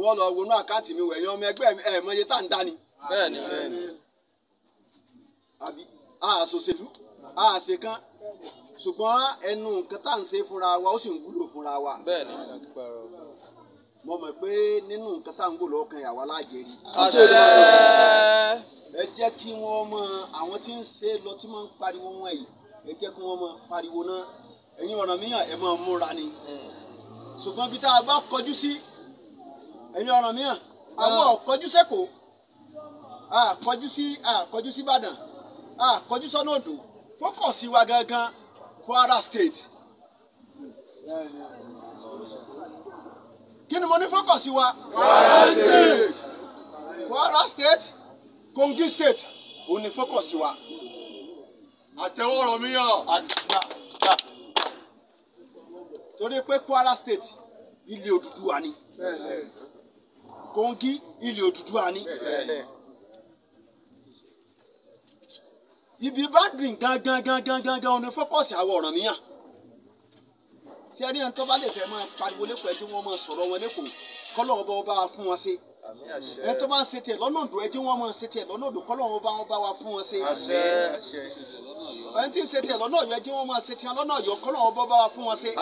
wọ́n lọ wọnú àkáǹtì mi wẹ̀yìn ọmọ ẹgbẹ́ ẹ̀ mọye tá à ń dání. bẹ́ẹ̀ni bẹ́ẹ̀ni. àbí a àṣekán ṣùgbọ́n ẹnu nǹkan tá à ń ṣe fúnra wa ó sì ń wúlò fúnra wa. bẹ́ẹ̀ni. mo mọ̀ pé nínú nǹkan tá à ń gbò lọ́kàn yàwá láàjẹ rí. ẹ jẹ́ kí wọ́n mọ àwọn tí ń ṣe lọ tí wọ́n ń pariwo wọn yìí ẹ jẹ́ kí wọ́n mọ pariwo náà ẹ̀yin ọ̀ràn míyàn ẹ máa múra ni hmm. ṣùgbọ́n bí tá a bá kọjú sí. Si, ẹ̀yin ọ̀ràn mìíràn àwọn ọ̀kọ́jú sẹ́kọ̀ọ́ àkọ́jú sí àkọ́jú sí Ìbàdàn àkọ́jú sọ́nà Òdò fókọ̀sì wa gangan Kwara State kí ni mo ní fókọ̀sì wa Kwara State Kwara State Kogi State òun ni fókọ̀sì wa àtẹwọ́rọ̀ mìíràn torí pé Kwara State ilé Odùduwà ni. Kogi ilẹ̀ Odùduwà ni. ibi Evergreen gangan gangan gangan ọ̀nà fọ́kọ̀sì àwọn ọ̀ràn mìíràn tí ẹni ẹni tó bá lè fẹ́ máa pariwo lẹ́kọ̀ọ́ ẹjẹ́ wọn máa sọ̀rọ̀ wọn lẹ́kọ̀ọ́ kọ́lọ́ ọba ọba fún wọn ṣe ẹ tó bá ń ṣe tiẹ̀ lọ́nà òdò ẹjẹ́ wọn máa ṣe tiẹ̀ lọ́nà òdò kọ́lọ́ ọba ọba wa fún wọn ṣe ẹni tí ń ṣe tiẹ̀ lọ́nà ọ̀yọ́ ẹjẹ́ wọn máa ṣe tiẹ̀ lọ́nà ọ̀yọ́ kọ́lọ́ ọba ọba wa fún wọn ṣe.